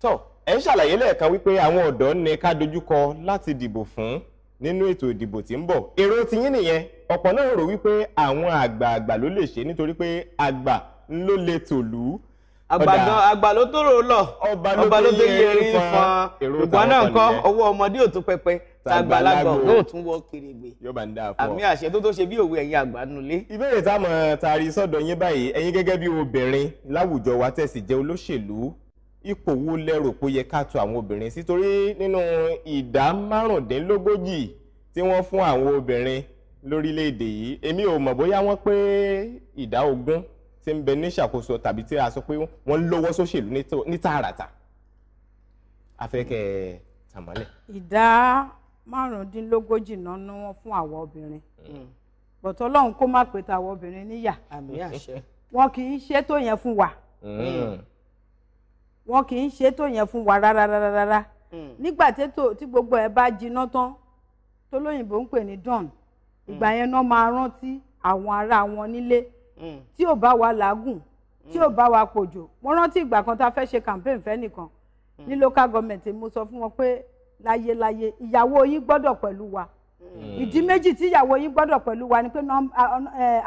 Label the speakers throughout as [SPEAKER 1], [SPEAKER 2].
[SPEAKER 1] tó ẹ ń ṣàlàyé lẹ́ẹ̀kan wípé àwọn ọ̀dọ́ ní ká dojúkọ láti dìbò fún nínú ètò ìdìbò tí ń bọ̀ èrò tiyín nìyẹn ọ̀pọ̀ náà rò wípé àwọn àgbààgbà ló lè ṣe nítorí pé àgbà ló lè tòlú àgbàdàn àgbà ló tó rò lọ ọba ló tó yẹ rí fún ìgbà náà nǹkan owó ọmọdé ò tó pẹpẹ tàgbàlagbà
[SPEAKER 2] ò tún wọ kèrègbè àmì àṣẹ tó tó ṣe bí òwe ẹ̀yin àgbà nulẹ.
[SPEAKER 1] ìbéèrè táwọn taari sọ́dọ̀ yín báyìí ẹ̀yin gẹ́gẹ́ bí obìnrin láwùjọ wa tẹsí jẹ́ olóṣèlú ipò wo lẹ́rò pé ó yẹ ká tò àwọn obìnrin sí torí nínú ìdá márùndínlógójì tí wọ́n fún àwọn obìnrin lórílẹ̀‐èdè yìí èmi ò mọ̀ bóyá wọ́n pé ìdá ogún tí ń bẹ ní ìṣàkóso tàbí tí a sọ pé wọ́n lọ́wọ́ sóṣèlú ní tààràtà afẹ́kẹ́ tàmọ́lẹ̀.
[SPEAKER 3] ìdá márùndínlógójì náà ni wọ́n fún àwọn obìnrin hmm. bọ̀tọ̀ ọlọ́run kó má pè tàwọn obìnrin níyà wọn kì í ṣètò yẹn fún wa. Mm. Mm wọn kì í ṣètò yẹn fún wa rárá rárá rárá hmm. nígbà tètò tí gbogbo ẹ bá jiná tán tólóyìnbó ń pè ní dawn ìgbà hmm. yẹn náà máa rántí àwọn ará wọn nílé hmm. tí ò bá wa làágùn tí ò bá wa pòjò mo rántí ìgbà kan tá a fẹ́ ṣe campaign fẹ́ nìkan ní local government mo sọ fún wọn pé láyéláyé ìyàwó yín gbọ́dọ̀ pẹ̀lú wa ìdí méjì tí ìyàwó yín gbọ́dọ̀ pẹ̀lú wa ni pé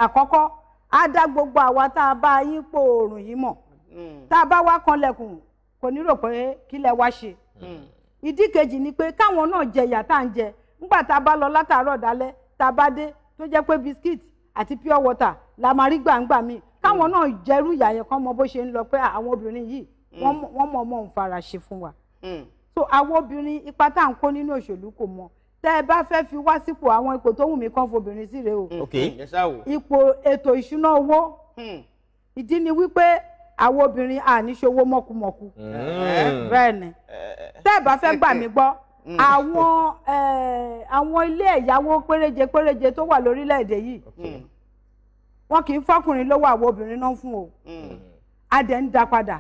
[SPEAKER 3] àkọ́kọ́ á dá gbogbo àwa tá a bá yín pòòrùn yìí mọ̀ tá a bá wá kanlẹ̀kùn kò ní rò pé kí lẹ wá ṣe hmm. ìdí kejì ni pé káwọn náà jẹ ìyà tá à ń jẹ nígbà tá a bá lọ látàárọ̀ dálẹ́ tá a bá dé tó jẹ́ pé biscuit àti pure water la máa rí gbàǹgbà míì káwọn hmm. náà jẹrú ìyà yẹn kán mọ bó ṣe ń lọ pé àwọn obìnrin yìí hmm. wọ́n mọ̀ mọ̀ ń ṣe fún wa so àwọn obìnrin ipa tá à ń kó nínú òṣèlú kò mọ tẹ́ ẹ bá fẹ́ fi wá sípò àwọn ipò tó wù mí kán fobìnrin sí rèé o ipò ètò ìṣúná owó ìdí ni wípé àwọn obìnrin àníṣòwò mọ̀kùmọ̀kù mm. bẹ́ẹ̀ ni
[SPEAKER 1] tẹ́ ẹ bá fẹ́ gbà mí
[SPEAKER 3] gbọ́ mm. àwọn àwọn ilé ẹ̀yáwó péréje péréje tó wà lórílẹ̀‐èdè yìí wọn kì í fọkùnrin lówó àwọn obìnrin náà fún o mm. adẹ ń da padà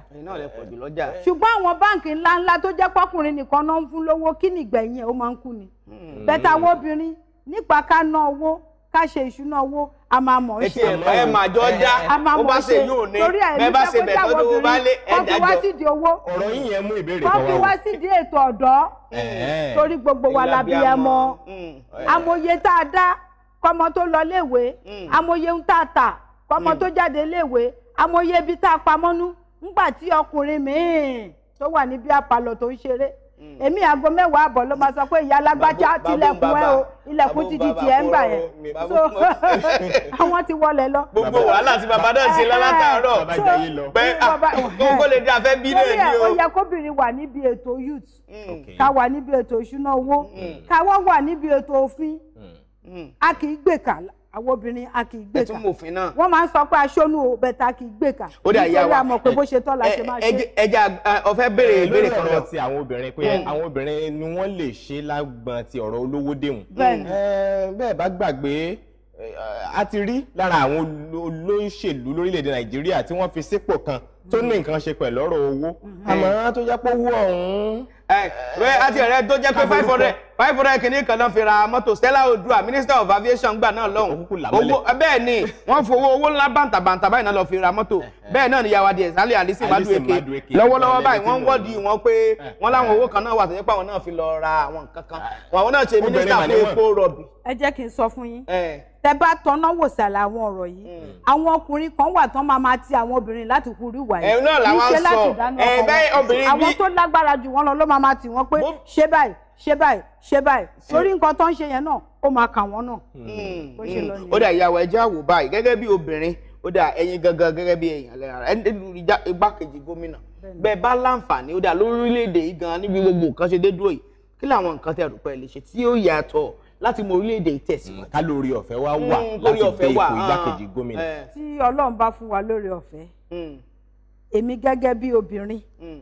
[SPEAKER 3] ṣùgbọ́n àwọn báǹkì ńláńlá tó jẹ́ pọ́kùnrin nìkan náà ń fún lówó kí nìgbẹ̀yìn ẹ̀ ó máa ń kú ni bẹ́ẹ̀ táwọn obìnrin nípa ká ná owó ká ṣe ìṣúná owó a máa mọ̀ ṣe ẹ máa jọ já ó bá ṣe yóò ní bẹ́ẹ̀ bá ṣe bẹ̀tọ́ tó bá lé ẹ̀dá jọ ọ̀rọ̀ yìí yẹn mú ìbéèrè kan wá o. kọ́fí wá sídìí ètò ọ̀dọ́ torí gbogbo wa la bí ẹ mọ mm. amòye tá a dá kọ́mọ tó lọ léèwé mm. amòye ń tà tà kọ́mọ mm. tó jáde léèwé amòye ibi tá a pamọ́nú ńgbà tí ọkùnrin míì tó wà níbi àpàlọ̀ tó ń ṣeré Mm. èmi aago mẹ́wàá àbọ̀ ló máa sọ pé ìyá alágbájá tilẹ̀kùn ẹ o ilẹ̀kùn ti di tiẹ̀ ń gbà yẹn so àwọn ti wọlé lọ. gbogbo wàhálà tí bàbá náà ṣe lálátàárọ̀
[SPEAKER 2] pé ah, kókó lè dá fẹ́ bí náà ni o. ó yẹ
[SPEAKER 3] kóbìnrin wà níbi ètò youth mm. ká wà níbi ètò ìṣúná owó mm. káwọ́ wà níbi ètò òfin a kì í gbèkà àwọn obìnrin a kì í gbé ka wọ́n máa ń sọ pé aṣọ́nù ò bẹ̀ta kì í gbé ka nítorí àmọ̀ pé bó ṣe tọ́ la ṣe máa ṣe.
[SPEAKER 1] ẹja ọfẹ béèrè ìbéèrè kan lọ ti àwọn obìnrin pé àwọn obìnrin ni wọ́n lè ṣe lágbọn ti ọ̀rọ̀ olówó dèmù bẹ́ẹ̀ bá gbàgbé a ti rí lára àwọn olóṣèlú lórílẹ̀-èdè nàìjíríà tí wọ́n fi sípò kan tó ní nǹkan ṣe pẹ̀lú ọ̀rọ̀ owó mm-hmm. àmọ́ tó jẹ́ pé owó ọ̀hún. ẹ àti ọ̀rẹ́ tó jẹ́ pé five hundred five hundred kìíní kan náà fi ra
[SPEAKER 2] mọ́tò Stella Odua minister of aviation gbà náà lọ́hùn owó bẹ́ẹ̀ ni wọ́n fowó owó ńlá bàǹtàbàǹtà báyìí náà lọ fi ra mọ́tò eh, eh. bẹ́ẹ̀ náà ni yàwá di ẹ̀sálẹ̀ àlísì madueke lọ́wọ́lọ́wọ́ báyìí wọ́n ń wọ́ọ̀dì wọn pé eh, wọ́n láwọn owó kan náà wà tó jẹ́ pé àwọn náà fi lọ ra àwọn nǹkan kan àwọn náà ṣe minister fún epo
[SPEAKER 3] rọ̀bì. ẹ jẹ́ kí n sọ fún yín tẹ bá tọ́nà wòsàn làwọn ọ̀rọ̀ yìí hmm. àwọn ọkùnrin kan wà tán máa máa ti àwọn obìnrin láti kúrú yìí ẹ̀rù náà làwọn sọ ẹ̀ bẹ́ẹ̀ obìnrin bí àwọn tó lágbára jù wọ́n lọ ló máa ma tì wọ́n pé ṣé báyìí ṣe báyìí ṣe báyìí lórí nǹkan tó ń ṣe yẹn náà ó máa kà wọ́n náà.
[SPEAKER 2] Hmm. Hmm. ó dà ìyàwó
[SPEAKER 3] ẹjẹ́ àwò báyìí gẹ́gẹ́
[SPEAKER 2] bí obìnrin ó dà ẹ̀yin gangan gẹ́gẹ́ bí ẹ̀yin àlẹ́ra igbákejì gómìnà bẹ́ẹ̀ bá láǹfààní ó dà lórílẹ̀‐èdè yìí gan níbi gbogbo nǹkan ṣe dé dúró yìí kí làwọn nǹkan tẹ̀ rúpẹ́ lè ṣe tí ó yàtọ̀
[SPEAKER 1] láti mọ orílẹ̀-èdè ìtẹ̀síwájú. Hmm, ká lórí ọ̀fẹ́ wá wà láti dé ipò ah. igbákejì gómìnà. Eh. tí
[SPEAKER 3] Ọlọ́run bá fún wa lórí ọ̀fẹ́ èmi gẹ́gẹ́ bí obìnrin hmm.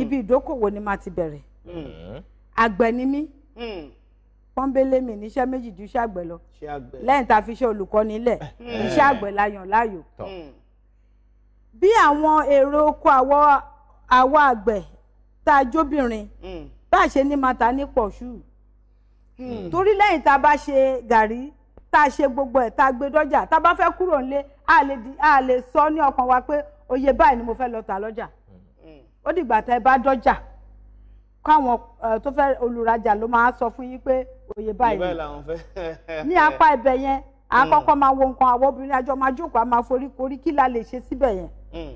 [SPEAKER 3] ibi ìdókòwò ni màá ti bẹ̀rẹ̀ hmm. àgbẹ̀ ni mí hmm. pọ́nbélé mi níṣẹ́ méjì ju iṣẹ́ àgbẹ̀ lọ lẹ́yìn tá a fi ṣe olùkọ́ nílẹ̀ iṣẹ́ àgbẹ̀ la yàn láàyò bí àwọn èrò oko àwa àgbẹ̀ tá a jóbìnrin bá a ṣe ní mata ní pọ̀ṣù torí lẹ́yìn tá a bá ṣe gàrí tá a ṣe gbogbo ẹ̀ tá a gbé dọ́jà tá a bá fẹ́ kúrò nílé a lè sọ ní ọkàn wa pé oye báyìí ni mo fẹ́ lọ tà lọ́jà mm. ó dìgbà tẹ́ ẹ bá dọ́jà káwọn tó fẹ́ olùrajà ló máa sọ fún yín pé oye
[SPEAKER 2] báyìí ní apá
[SPEAKER 3] ibẹ̀ yẹn àkọ́kọ́ mm. máa wo nǹkan àwọn obìnrin àjọ máa jókòó a máa kí la lè ṣe síbẹ̀ yẹn mm.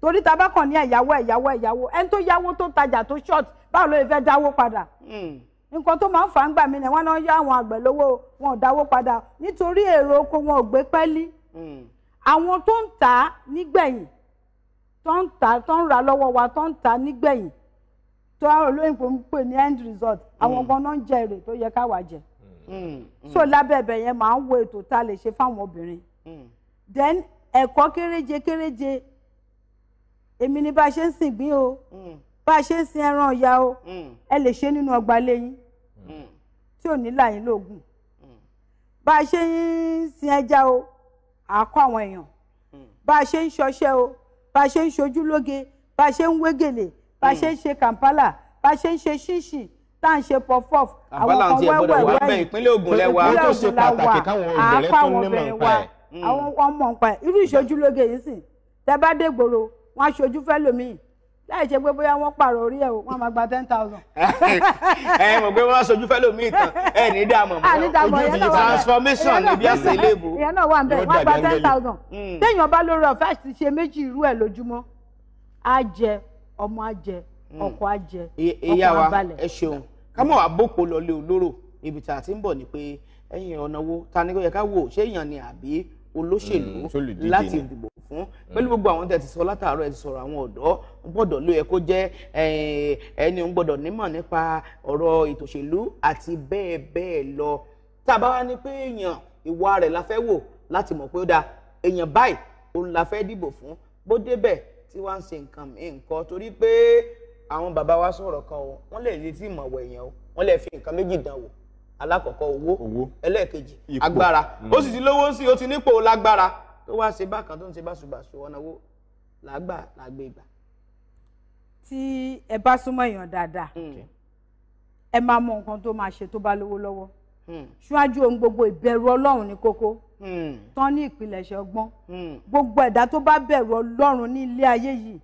[SPEAKER 3] torí tá a bá kàn ní ẹ̀yáwó ẹ̀yáwó ẹ̀yáwó ẹni tó yáwó tó tajà tó short báwo ló fẹ́ dáwó padà nǹkan tó máa ń fà ń gbà mí ni wọ́n náà yá àwọn àgbẹ̀ lówó wọn ò dáwó padà nítorí èrò oko wọn ò gbé pẹ́lí àwọn tó ń tà á nígbẹ̀yìn tó ń tà tó ń ra lọ́wọ́ wa tó ń tà á nígbẹ̀yìn tó olóyìnbó ń pè ní end result àwọn mm. ganan ń jẹ èrè tó yẹ káwa jẹ mm. Mm. so lábẹ́ ibẹ̀ yẹn máa ń wo ètò tá a lè ṣe fáwọn obìnrin then ẹ̀kọ́ kéréje kéréje èmi ni bá a ṣe ń sìn gbín o bá a ṣe ń sin ẹran ọ̀yà o ẹ lè ṣe nínú ọgbà lẹ́yìn tí ò ní là lóògùn bá a ṣe ń sin ẹja o à àwọn èèyàn bá a ṣe ń ṣọṣẹ́ o bá a ṣe ń ṣojú lóge bá a ṣe ń wégèlè bá a ṣe ń ṣe kàmpálà bá a ṣe ń ṣe ṣíṣì tá à ń ṣe pọfọf àwọn kan wẹ́wẹ́ wẹ́yìn ìpínlẹ̀ Ògùn lẹ́wà tó ṣe pàtàkì káwọn obìnrin tó ní mọ̀ nípa ẹ̀. àwọn ọmọ nǹkan irú ìṣojú lóge yìí sì tẹ bá dé gbòòrò wọn aṣojú fẹ́ lómìn láì ṣe pé bóyá wọ́n pààrọ̀ orí ẹ̀ wọ́n máa gba ten thousand.
[SPEAKER 2] ẹ mọ̀ pé wọ́n sojú fẹ́lẹ̀ mi tán ẹ ní dààmú mọ́ ojú ti transformation níbi àṣẹ ilé ìbò.
[SPEAKER 3] ìyẹn náà wà ń bẹ̀ wọ́n gba ten thousand. Hmm. téèyàn bá lórí ọ̀fẹ́ àti ṣe méjì irú ẹ̀ lójúmọ́ á jẹ ọmọ á jẹ hmm. ọkọ á jẹ ọkọ á balẹ̀. ẹ
[SPEAKER 2] ṣeun ká mọ̀ wá bòpò lọlé olóró ibi tá a ti ń bọ̀ ni pé ẹ̀yìn ọ̀nà wo ta ni kò yẹ ká wò ṣé èèyàn ni àbí olóṣèlú mm, láti dìbò fún mm. pẹ̀lú gbogbo àwọn tẹ̀ ti sọ látàárọ̀ ẹ̀ ti sọ̀rọ̀ àwọn ọ̀dọ́ gbọ́dọ̀ ló yẹ kó jẹ́ ẹni òun gbọ́dọ̀ nímọ̀ nípa ọ̀rọ̀ ètò àti bẹ́ẹ̀ bẹ́ẹ̀ lọ tá a bá wá ní pé èèyàn ìwà rẹ̀ la fẹ́ wò láti mọ̀ pé ó dáa èèyàn báyìí òun la fẹ́ dìbò fún bó débẹ̀ tí wọ́n ń ṣe nǹkan nǹkan torí pé àwọn bàbá wa sọ̀rọ̀ kan o wọ́n lè retí ìmọ̀wọ̀ èèyàn o wọ́n lè fi nǹkan alákọ̀ọ́kọ́ owó ẹlẹ́ẹ̀kejì agbára hmm. ó sì ti lówó sí ó ti nípò lágbára tó wá ṣe bákan tó ń ṣe báṣubàṣu ọ̀nà wo làgbà làgbé ìgbà.
[SPEAKER 3] tí ẹ bá súnmọ́ èèyàn dáadáa hmm. ẹ máa mọ nǹkan tó máa ṣe tó bá lówó lọ́wọ́ hmm. ṣáájú ohun gbogbo ìbẹ̀rù ọlọ́run ní kókó tán ní ìpilẹ̀ṣẹ̀ ọgbọ́n gbogbo ẹ̀dá tó bá bẹ̀rù ọlọ́run ní ilé ayé yìí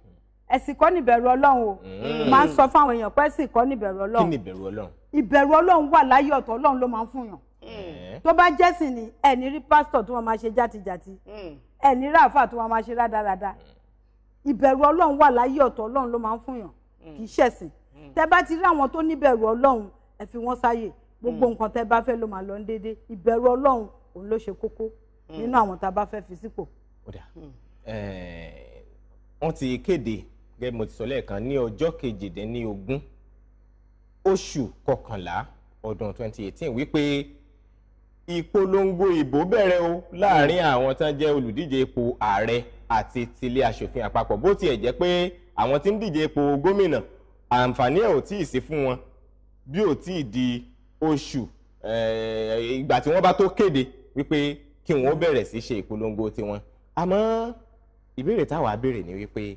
[SPEAKER 3] ẹ̀sìn kọ́ níbẹ̀rù ọlọ́run o mm. máa ń sọ fáwọn èèyàn pé ẹ̀sìn kọ́ níbẹ̀rù ọlọ́run kí ni ìbẹ̀rù ọlọ́run ìbẹ̀rù ọlọ́run wà láyé ọ̀tọ̀ ọlọ́run ló máa ń fún mm. tó bá jẹ́sìn ni ẹ̀ní rí pásítọ̀ tó máa ṣe játijàti mm. ẹ̀ní rí àáfà tó máa ṣe rádaràda ìbẹ̀rù ọlọ́run wà láyé ọ̀tọ̀ ọlọ́run ló máa ń fún yàn kì í ṣẹ̀sìn tẹ́ bá ti rí àwọn tó níbẹ̀rù ọlọ́run ẹ fi wọ́n sáyè gbogbo nǹkan tẹ́ bá fẹ́ ló máa lọ ń ìbẹ̀rù ọlọ́run òun ló ṣe kókó nínú àwọn tá a bá fẹ́ fi sípò.
[SPEAKER 1] wọ́n ti kéde gẹ́gẹ́ mo ti sọ lẹ́ẹ̀kan ní ọjọ́ kejìdínlógún oṣù kọkànlá ọdún 2018 wípé ìpolongo ìbò bẹ̀rẹ̀ o láàrin àwọn tán jẹ́ olùdíje ipò ààrẹ àti tilé aṣòfin àpapọ̀ bó tiẹ̀ jẹ́ pé àwọn tí ń díje ipò gómìnà àǹfààní ẹ̀ ò tí ì sí fún wọn bí ò tí ì di oṣù eh, ìgbà tí wọ́n bá tó kéde wípé kí wọ́n bẹ̀rẹ̀ sí ṣe ìpolongo tiwọn àmọ́ ìbéèrè táwa béèrè ni wípé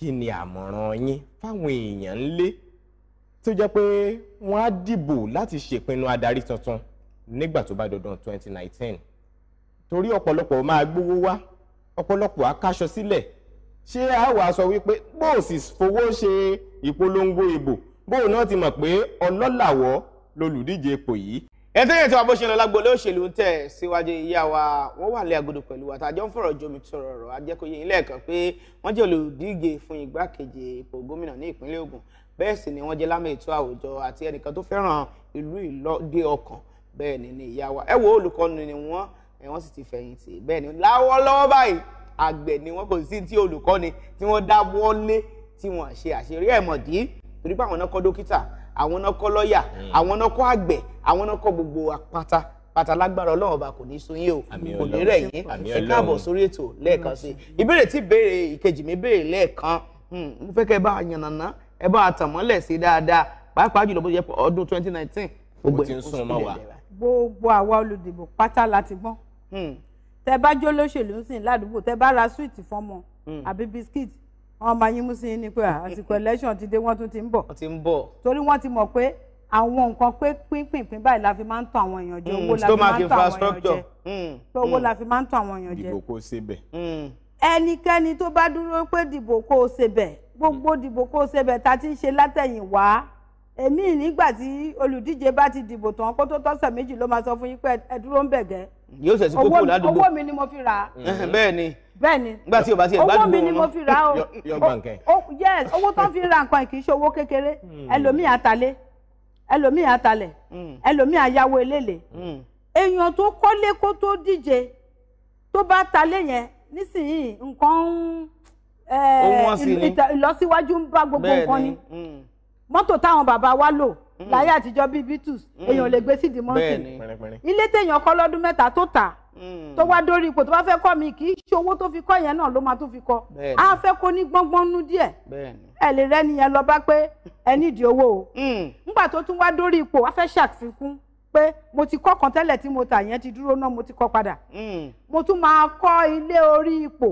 [SPEAKER 1] kí ni àmọ̀ràn yín fáwọn èèyàn ńlé tó jẹ́ pé wọ́n á dìbò láti ṣèpinnu adarí tuntun nígbà tó bá dọdún 2019 torí ọ̀pọ̀lọpọ̀ máa gbówó wá ọ̀pọ̀lọpọ̀ á káṣọ sílẹ̀ ṣé a wàá sọ wípé bó o sì fowó ṣe ìpolongo ìbò bó o náà ti mọ̀ pé ọlọ́làwọ́ lolùdíje ipò yìí ẹtẹ́yẹ̀ tí wàá bó ṣe lọ lágbo olóṣèlú ń tẹ̀ síwájú ìyá wa wọ́n
[SPEAKER 2] wà lé agodo pẹ̀lú wa tàjọ́ ń fọ̀rọ̀ jomi tọrọ ọ̀rọ̀ ajẹ́kọ̀yé ilé ẹ̀kọ́ pé wọ́n jẹ́ olùdíje fún igbákejì ipò gómìnà ní ìpínlẹ̀ Ògùn bẹ́ẹ̀ sì ni wọ́n jẹ́ lámì ètò àwùjọ àti ẹnìkan tó fẹ́ràn ìlú ìlọ́dẹ ọkàn bẹ́ẹ̀ ni ni ìyá wa ẹ wo olùkọ́ni ni wọ́n ẹ wọ́n sì ti fẹ̀yìntì bẹ́ẹ̀ ni lọ́wọ́lọ́wọ́ báyìí àgbẹ̀ ni wọ́n kò sí tí olùkọ́ni tí wọ́n dáwọ́ lé tí wọ́n àwọn náà kọ́ lọ́ọ̀yà hmm. àwọn náà kọ́ àgbẹ̀ àwọn náà kọ́ gbogbo apáta pátá lágbára Ọlọ́run ọba kò ní sú yín o kò ní rẹ̀ ẹ káàbọ̀ sórí ètò lẹ́ẹ̀kan sí i ìbéèrè tí ìbéèrè ìkejì mi béèrè lẹ́ẹ̀kan hmm, mo fẹ́ kẹ́ ẹ bá a yànnàná ẹ bá a tàn mọ́lẹ̀ sí dáadáa pàápàá jùlọ bó ṣe jẹ́ ọdún twenty nineteen gbogbo ẹ̀ oṣù tó lè rà.
[SPEAKER 3] gbogbo àwa olùdìbò pátá láti gbọ́n hmm. tẹ bá jó lóṣèlú ń sìn ládùúgbò tẹ bá ra súwìtì fọmọ àbí bisikíìtì wọn máa yín mú sí ni pé àsìkò election ti dé wọn tún ti ń bọ̀ ti ń bọ̀ torí wọn ti mọ̀ pé àwọn nǹkan pé pínpínpín báyìí la fi máa ń tọ́ àwọn èèyàn jẹ mm, owó la fi máa ń tọ́ àwọn èèyàn jẹ tó owó la fi máa ń tọ́ àwọn èèyàn jẹ dìbò
[SPEAKER 1] kó ṣe bẹ̀. Mm.
[SPEAKER 3] ẹnikẹ́ni tó bá dúró pé dìbò kó ṣe bẹ̀ gbogbo mm. dìbò kó ṣe bẹ̀ ta ti ń ṣe látẹ̀yìn wá èmi nígbà tí olùdíje bá ti dìbò tán kó tó tọ́sẹ̀ méjì ló máa sọ fún yín pé ẹ dúró ń bẹ̀gẹ́ yóò ṣẹ̀sì kó kúrò ládùúgbò owó mi ni mo fi rà á. bẹ́ẹ̀ ni bẹ́ẹ̀ ni nígbà tí o bá ti ẹ̀ gbádùn owó mi ni mo fi rà o yes owó tó ń fi ra nǹkan kì í ṣe owó kékeré hmm. ẹlòmíì atalé ẹlòmíì atalẹ̀ hmm. ẹlòmíì ayáwó eléle hmm. èèyàn tó kọ́lé kó tó díje tó bá talé yẹn nísìnyìí nǹkan ń ìlọsíwájú ń bá gbogbo nǹkan ni mọ́tò táwọn bàbá wa lò. Mm. láyé àtijọ́ bíi bitus mm. èèyàn lè gbé sídìí mọ́tì ilé téèyàn kọ́ lọ́dún mẹ́ta tó tà mm. tó wá dórí ipò tó bá fẹ́ kọ́ mi kì í ṣe owó tó fi kọ́ yẹn náà ló máa tún fi kọ́ á fẹ́ kó ní gbọ́ngbọ́n nú díẹ̀ ẹ lè rẹ́ni yẹn lọ bá pé ẹ nídìí owó o nígbà tó tún wá dórí ipò á fẹ́ ṣàfikún pé mo ti kọ́ kan tẹ́lẹ̀ tí mo tà yẹn ti dúró náà mo ti kọ́ padà mo tún máa kọ́ ilé orí ipò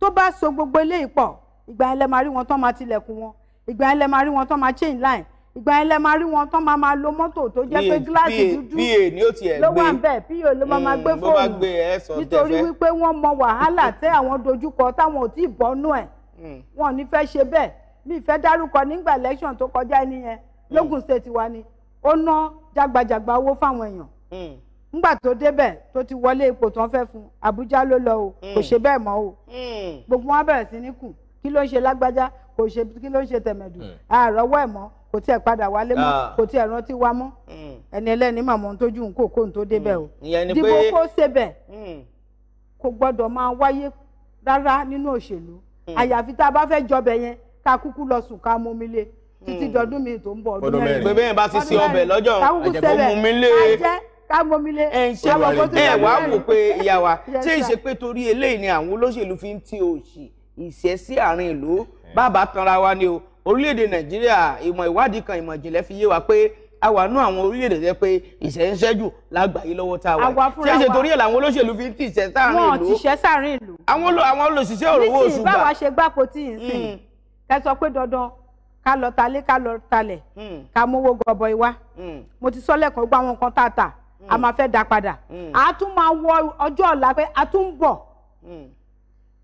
[SPEAKER 3] tó bá so gbogbo ilé ipò ìgbà yẹn lẹ máa rí wọn tán máa tilẹ̀kùn wọn ìgbà yẹn lẹ máa rí wọn tán máa chain line ìgbà yẹn lẹ máa rí wọn tán máa máa lo mọ́tò tó jẹ́ pé gíláàsì
[SPEAKER 2] dúdú ló wà ń
[SPEAKER 3] bẹ̀ pa ló máa máa gbé mm, fóònù
[SPEAKER 2] nítorí wípé
[SPEAKER 3] wọ́n mọ wàhálà tẹ́ àwọn dojúkọ táwọn ò tí ì bọ́nú ẹ̀ mm. wọn ò ní fẹ́ ṣe bẹ́ẹ̀ mi ìfẹ́ dárúkọ nígbà election tó kọjá ẹni yẹn mm. lógùn state wa ni ó ná jagbajàgba owó fáwọn èèyàn nígbà tó débẹ̀ tó ti wọlé ipò tán fẹ́ fún abuja ló lọ o kò ṣe bẹ́ẹ̀ mọ́ o gbogbo wọn bẹ̀rẹ̀ sí ní kù kí ló ń ṣe lágbájá kò ṣe kí ló ń ṣe tẹ̀mẹ̀dù àárọ̀wọ́ hmm. ẹ̀ mọ́ kò tiẹ̀ padà wálé mọ́ ah. kò tiẹ̀ rántí wa mọ́ hmm. ẹni ẹlẹ́ni màmú tójú ń kó kó ń tó débẹ̀ o hmm. dìbò kó ṣe bẹ̀ kò gbọ́dọ̀ máa wáyé rárá nínú òṣèlú àyàfi tá a bá fẹ́ jọbẹ̀ yẹn ká kúkú lọ sùn ká mú mi lé títí dọdún mi tó ń bọ̀ ọdún mẹ́rin pé bẹ́ẹ̀ bá ti ṣe ọbẹ̀ lọ́jọ́ àjẹkọ́ mú mi lé ká gbomile. ẹ ń ṣe wàá ẹ wàá wò
[SPEAKER 2] pé ìyá wa ṣé ìṣe pé torí eléyìí ni àwọn olóṣèlú fi ń ti òṣì ìṣẹ́ sí àárín ìlú bàbá tanra wa ni o orílẹ̀-èdè nàìjíríà ìmọ̀ ìwádìí kan ìmọ̀ ìjìnlẹ̀ fi yé wa pé a wà nú àwọn orílẹ̀-èdè jẹ́ pé ìṣẹ́ńṣẹ́jù lágbàáyé lọ́wọ́ tá a wà tí ṣe torí ẹ̀ làwọn olóṣèlú fi ń tì ìṣẹ́ sáàrin ìlú wọn ti ṣẹ́ sáàrin ìlú àwọn olóṣìṣẹ́ òrówó oṣù gbà nísìnyí báwa
[SPEAKER 3] ṣe gbàpò tí ì ń sìn hmm. ẹ sọ pé dandan ká lọ talé ká lọ talẹ̀ hmm. ká mówó gọbọi wá hmm. mo ti sọ lẹ́kọ̀ọ́ gbọ́ àwọn nǹkan tààtà a máa fẹ́ dá padà a tún máa wọ ọjọ́ ọ̀la pé a tún bọ̀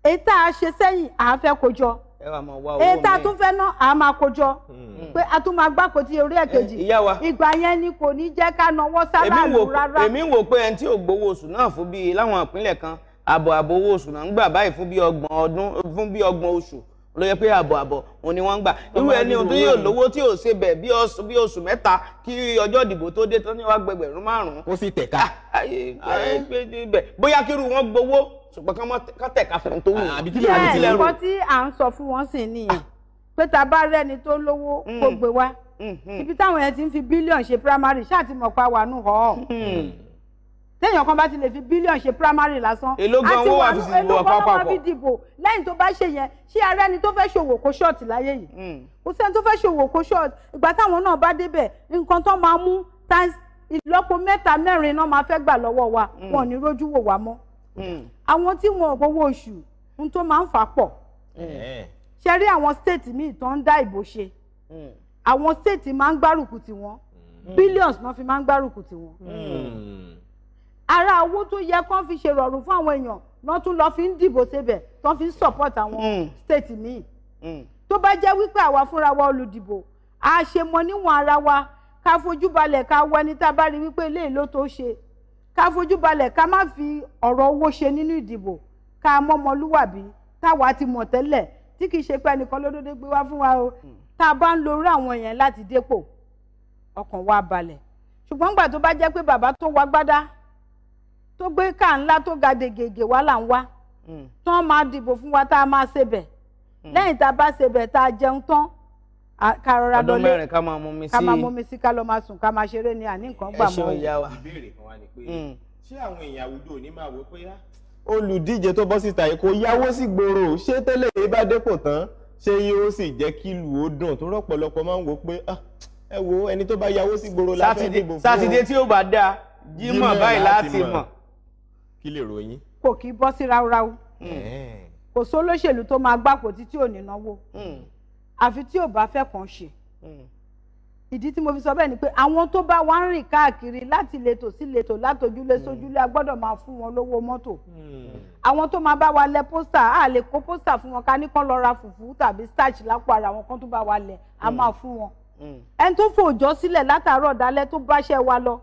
[SPEAKER 3] èyí tá a ṣe sẹ́yìn à ètò àtúnfẹ́ náà a máa kójọ hmm. pé a tún máa gbáko tí orí ẹ̀kejì eh, ìgbà yẹn ni kò ní jẹ́ ká nawọ́ sáláàlú rárá. èmi
[SPEAKER 2] wò pé ẹni tí ò gbowó oṣù náà fún bíi láwọn ìpínlẹ̀ kan àbọ̀ àbọ̀ owó oṣù náà ń gbà báyìí fún bíi ọgbọ̀n ọdún fún bíi ọgbọ̀n oṣù ló yẹ pé àbọ̀ àbọ̀ òun ni wọ́n ń gbà irú ẹni tó yóò lówó tí ò ṣe bẹ̀ bí oṣù mẹ́ta kí ọjọ́ ìdìbò tó dé tó ní wàá gbẹgbẹ̀rún márùn-ún. ó sì tẹ̀ka. Ah, bóyá ṣùgbọ́n kán mọ́ kán tẹ̀ ká fún tó wù. àbí kí ló ń tilẹ̀ rò. nǹkan
[SPEAKER 3] tí à ń sọ fún wọn sì nìyẹn pé ta bá rẹ́ni tó lówó mm. kó gbé wá mm-hmm. ibi táwọn yẹn ti ń fi bílíọ̀n ṣe primary ṣáà ti mọ̀ pa wà nù họ́ mm. téèyàn kan bá ti lè fi bílíọ̀n ṣe primary lásán àti wà nù elógbọ́n wọn fi dìbò lẹ́yìn tó bá ṣe yẹn ṣé ara ẹni tó fẹ́ ṣòwò kó ṣọ́ọ̀tì láyé yìí mm. kò sẹ́ni tó fẹ́ ṣòwò kó ṣọ́ọ̀tì ìgbà táwọn náà bá débẹ̀ nǹkan tó máa mú ìlọ́po mẹ́ta mẹ́rin náà máa fẹ́ gbà lọ́wọ́ wa wọn ò ní rójú wò wá mọ́ àwọn tí wọn ò gbowó oṣù ń tó máa ń fà pọ̀ ṣe rí àwọn state míì tó ń dá ìbò ṣe àwọn state máa ń gbárùkù tiwọn billions náà fi máa ń gbárùkù tiwọn ara owó tó yẹ kán fi ṣe rọrùn fún àwọn èèyàn náà tún lọ fi ń dìbò síbẹ̀ tán fi ń support àwọn state míì tó bá jẹ́ wípé àwa fúnra wa olùdìbò a ṣe mọ níwọ̀n ara wa ká fojú balẹ̀ ká wọ ẹni tá a bá rí wípé eléyìí ló tó ṣe ká fojú balẹ̀ ká má fi ọ̀rọ̀ owó ṣe nínú ìdìbò ká mọ́mọlúwàbí táwa ti mọ̀ tẹ́lẹ̀ tí kì í ṣe pé ẹnìkan ló dédé gbé wá fún wa o hmm. tá a bá ń lo irú àwọn yẹn láti dépò ọkàn wa balẹ̀ ṣùgbọ́n gbà tó bá jẹ́ pé bàbá tó wá gbádá tó gbé ká ńlá tó ga degege wá là ń wá hmm. tán máa dìbò fún wa tá a máa ṣe bẹ̀ hmm. lẹ́yìn tá a bá ṣe bẹ̀ tá a jẹun tán ká rọra kama ọdún mẹ́rin ká máa mú mi sí ká máa mú mi sí ká ni àní nǹkan gbà mọ́. ẹ ṣeun ìyá wa ìbéèrè kan wá ni pé mm.
[SPEAKER 1] ṣé àwọn èèyàn àwùjọ ò ní máa wò pé ah, olùdíje tó bọ́ síta yìí kò yáwó sí gbòòrò ṣé tẹ́lẹ̀ yìí bá dépò tán ṣé yóò sì jẹ́ kí ìlú ó dùn tó rọ̀pọ̀lọpọ̀ máa ń wò pé ah, wo ẹni tó bá yáwó
[SPEAKER 3] sí gbòòrò la fẹ́ dìbò fún sátidé tí
[SPEAKER 1] ó bá dáa jímọ̀ báyìí láti mọ̀ kí lè ròyìn.
[SPEAKER 3] kò kì í bọ́ sí ráúráú mm. kò sólóṣèlú tó máa gbàpò títí ò ní náwó mm àfi tí ò bá fẹ́ kàn ṣe hmm. ìdí tí mo fi sọ bẹ́ẹ̀ ni pé àwọn tó bá wá ń rìn káàkiri láti ìletò sí ìletò látojúlé hmm. sójúlé a gbọ́dọ̀ máa fún wọn lówó mọ́tò hmm. àwọn tó máa bá wa lẹ pósítà a lè kó pósítà fún wọn ká ní kán lọ ra fùfú tàbí starch lápò ara wọn kán tó bá wa lẹ a máa fún wọn ẹni tó fòòjọ́ sílẹ̀ látàárọ̀ dalẹ́ tó bá ṣẹ́ wa lọ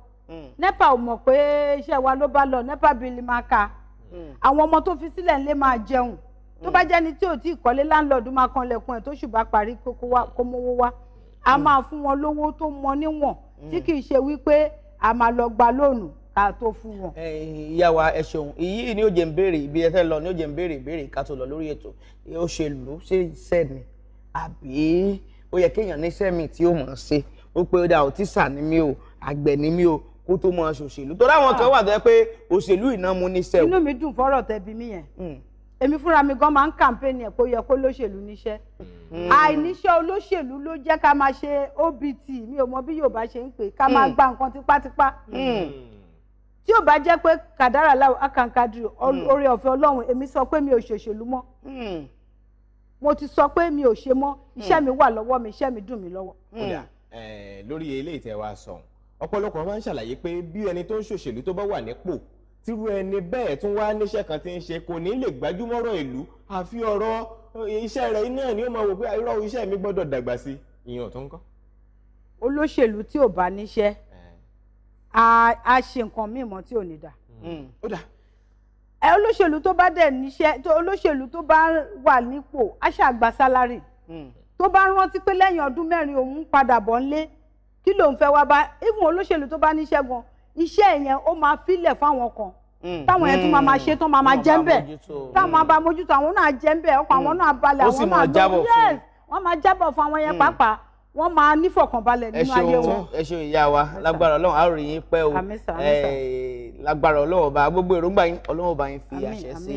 [SPEAKER 3] nepa ò mọ̀ pé iṣẹ́ wa ló bá lọ nepa bíi máa ka àwọn ọmọ tó fi sílẹ̀ ń máa jẹun tó bá jẹ́ni tí ò tí ì kọ́lé láńlọ́ọ̀dù máa kan lẹ̀kùn ẹ̀ tó ṣùgbọ́n parí kókó wá kó mówó wá a hmm. máa fún wọn lówó tó mọ níwọ̀n tí hmm. kì í ṣe wípé a máa lọ gba lóònù ká tó fún wọn.
[SPEAKER 2] Eh, ìyá wa ẹ ṣeun èyí ni ó jẹ́ ń béèrè ibi ẹ fẹ́ lọ ni ó jẹ́ ń béèrè ìbéèrè ká tó lọ lórí ètò òṣèlú ṣe iṣẹ́ mi àbí ó yẹ kéèyàn ní iṣẹ́ mi tí ó mọ̀ ọ́n ṣe ó pé ó dà ó tíṣà ni mí o àgbẹ̀ ni mí o kó tó mọ̀ ọ́n ṣòṣèlú torí àwọn kan ah. wà tó yẹ pé òṣèlú ìnámu níṣẹ́ o. inú
[SPEAKER 3] mi dùn fọ́rọ̀ tẹbi mí yẹn hmm èmi fúnra mi gan máa ń kàmpéènì ẹ̀ pé ó yẹ kó lóṣèlú níṣẹ́ hmm. àìníṣẹ́ olóṣèlú ló jẹ́ ká máa ṣe obt mi ò mọ bí Yorùbá ṣe ń pè ká máa hmm. gba nǹkan tipátipá hmm. tí ò bá jẹ́ pé kàdárà láwọ akankadiri oore ọ̀fẹ́ Ọlọ́run èmi sọ pé mi ò ṣòṣèlú mọ́ mo ti sọ pé mi ò ṣe mọ́ iṣẹ́ mi wà lọ́wọ́ mi iṣẹ́ mi dùn mí lọ́wọ́. kódà
[SPEAKER 1] eh, lórí eléyìí tẹ wá sọ ọ̀pọ̀lọpọ̀ máa ń ṣàlàyé pé bí ẹni tó ń ṣòṣèlú tó bá wà nípò tírú ẹni bẹ́ẹ̀ tún wá níṣẹ́ kan tí ń ṣe kò ní lè gbájúmọ́rọ̀ ìlú àfi ọ̀rọ̀ eh, iṣẹ́ rẹ̀ iná
[SPEAKER 3] ni ó máa wò pé ah, irọ́ iṣẹ́ mi gbọ́dọ̀ dàgbà sí ìyàn tó ń kọ́. olóṣèlú tí ò bá níṣẹ́ eh. a ṣe nǹkan míì mọ́ tí ò ní dà. Hmm. Hmm. ó dà. ẹ eh, olóṣèlú tó bá dẹ̀ níṣẹ́ olóṣèlú tó bá wà nípò a ṣàgbà sálárì hmm. tó bá rántí pé lẹ́yìn ọdún mẹ́rin òun padà bọ̀ ńlé kí lòun fẹ́ wá bá even olóṣèlú tó bá níṣẹ́ gan-an iṣẹ́ yẹn ó máa filẹ̀ fáwọn kan hmm. táwọn yẹn tún máa máa ṣe tán máa máa hmm. jẹ́ ń bẹ̀ táwọn abamójútó àwọn náà jẹ́ ń bẹ̀ ọkọ̀ àwọn hmm. náà balẹ̀ àwọn náà dùn yes wọ́n máa jábọ̀ fún àwọn yẹn pàápàá wọ́n máa nífọ̀kànbalẹ̀ nínú ayé wọn.
[SPEAKER 2] ẹ ṣeun ìyá wa lágbára ọlọ́run àárò yín pẹ́ o lágbára ọlọ́run ọba gbogbo èròǹgbà yín ọlọ́run ọba yín fi àṣẹ sí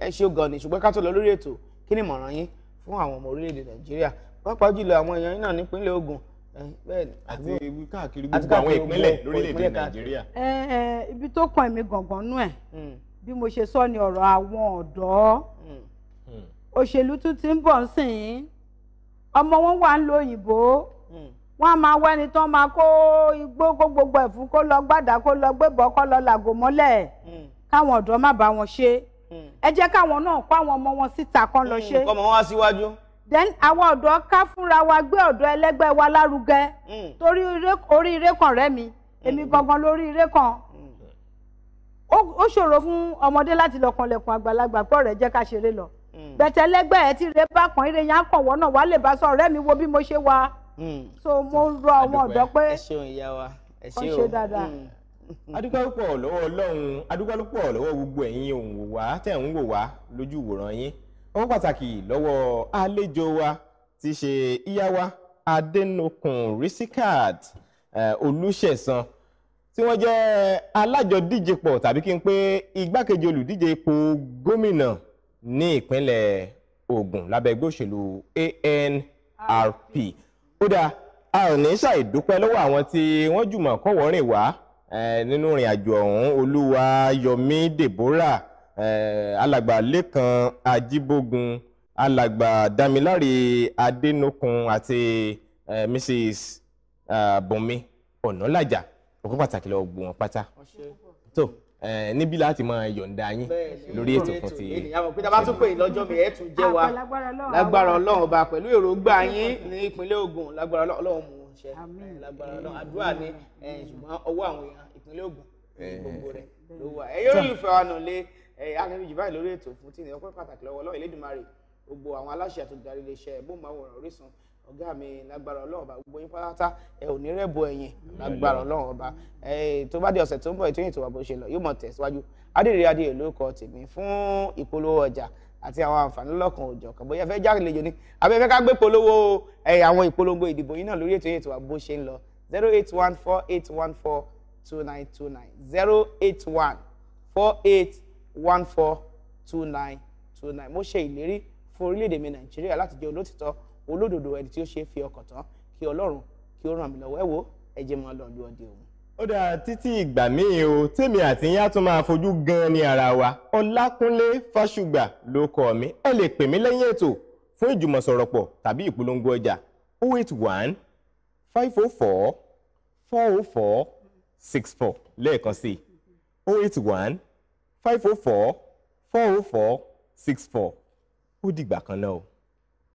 [SPEAKER 2] ẹ ṣe gan ni ṣùgbọ́n ká tó lọ lórí ètò kí ni ìmọ̀ràn yín fún àwọn ọmọ orílẹ̀-èdè nàìjíríà pàápàá jùlọ àwọn èèyàn yín náà nípínlẹ̀ Ògùn Eh, àti
[SPEAKER 1] káàkiri gbogbo àwọn ìpínlẹ̀ lórílẹ̀‐èdè nàìjíríà.
[SPEAKER 3] Eh, eh, ibi tó kàn mí gangan nú ẹ̀ hmm. bí mo ṣe sọ ni ọ̀rọ̀ àwọn ọ̀dọ́ hmm. Hmm. òṣèlú tún ti ń bọ̀ sìn ọmọ wọn wà ń lo òyìnbó wọn a máa wẹni tán máa kó igbó kó gbogbo ẹ̀fún kó lọ gbàdá kó lọ gbébọ̀ kó lọ làgò mọ́lẹ̀ káwọn ọ̀dọ́ má bá wọn ṣe ẹ jẹ́ káwọn náà kó àwọn ọmọ wọn síta kan lọ ṣe. kọ́mọ wọn wá síwájú then àwa ọ̀dọ́ ká fúnra wa gbé ọ̀dọ́ ẹlẹ́gbẹ́ wa lárugẹ hmm. torí oríire kan rẹ́ mi hmm. èmi gangan lórí ire kan hmm. ó ṣòro fún ọmọdé láti lọ kanlẹ̀kùn àgbàlagbà pé ọ̀rẹ́ jẹ́ ká ṣeré lọ bẹ̀tẹ̀ ẹlẹ́gbẹ́ ẹ̀ tí ire bá kan ire yẹn á kàn wọ́n náà lè bá sọ ọ̀rẹ́ mi wo bí mo ṣe wà so mo ń rọ àwọn ọ̀dọ́ pé
[SPEAKER 2] ẹ ṣeun ìyá wa ẹ ṣeun ó ṣe dáadáa
[SPEAKER 1] adúpẹ́ lọ́wọ́ ọlọ́run adúpẹ́ lọ́wọ́ gbogbo ẹ̀yin òun wá tẹ̀ ń wò wá lójú ìwòran yín wọ́n pàtàkì lọ́wọ́ àlejò wa ti ṣe ìyáwá adẹnukùn risikat olùṣẹ̀san tí wọ́n jẹ́ alájọdíjepọ̀ tàbí kí n pé igbákejì olùdíje ipò gómìnà ní ìpínlẹ̀ Ògùn lábẹ́ ẹgbẹ́ òṣèlú ANRP ó dáa a ò ní ṣàìdúpẹ́ lọ́wọ́ àwọn tí wọ́n jùmọ̀ kọ́wọ́rìn wá nínú ìrìn àjò ọ̀hún Olúwa Yọmí Deborah Eh, alàgbà lẹ́kan ajíbógun alàgbà damilare adẹnukun àti eh, mrs eh, bùnmi ọ̀nàlàjà òkú pàtàkì lọ gbọ́ wọn pátá tó níbí láti máa yọ̀ǹda yín lórí ètò fún ti. ènìyàn
[SPEAKER 2] mọ̀ pé tá a bá tún pè é lọ́jọ́ mi ẹ̀ tún jẹ́ wa lágbára ọlọ́run
[SPEAKER 1] ọba pẹ̀lú èròǹgbà yín
[SPEAKER 2] ní ìpínlẹ̀ Ògùn lágbára ọlọ́run mú un ṣe lágbára ọlọ́run àdúrà ní ṣùgbọ́n ọwọ́ àwọn èèyàn ìpínlẹ̀ Ògùn ní gbogbo rẹ̀ ló wà ẹ̀yọ́ olùfẹ́ wa nù lé àgbẹ̀bí jù báyìí lórí ètò fún tí ìnáwó pàtàkì lọ́wọ́ ọlọ́run Elédùmarè gbogbo àwọn aláṣẹ àtòjúdarí iléeṣẹ́ bóńbàwòrán Orísun ọ̀gá mi lágbára ọlọ́run ọba gbogbo yín pátá ẹ ò ní rẹ́bù ẹ̀yìn lágbára ọlọ́run ọba tó bá di ọ̀sẹ̀ tó ń bọ̀ ètò yìí tó wà bó ṣe lọ yóò mọ̀ tẹ̀síwájú adìrẹ adìrẹ lórúkọ tèmi fún ìpolówó ọjà àti àwọn àǹfààní lọ́kàn òjọ̀ kan bóyá fẹ́ jálejò ni abẹ́fẹ́ ká gbé polówó àwọn ìpolongo ìdìbò yìí náà lórí ètò yìí tó wà bó ṣe ń lọ zero eight one four eight one four two nine two nine zero eight one four eight one four two nine two nine mo ṣe ìlérí fún orílẹ̀-èdè mi nàìjíríà láti jẹ́ olótìtọ́ olódodo ẹni tí ó ṣe é fi ọkàn tán kí ọlọ́run kí ó ràn mí lọ́wọ́ ẹ wo ẹ jẹ́ máa lọ lu ọdẹ òun.
[SPEAKER 1] ó dáa títí ìgbà míì o tèmi àti yín á tún máa fojú gan ni ara wa ọlákúnlé fásùgbà ló kọ mi ẹ lè pè mí lẹ́yìn ètò fún ìjùmọ̀sọ̀rọ̀pọ̀ tàbí ìpolongo ọjà 081 504 404 64 lẹ́ẹ̀kan sí 081 five oh four four oh four six four ó dìgbà kan náà o.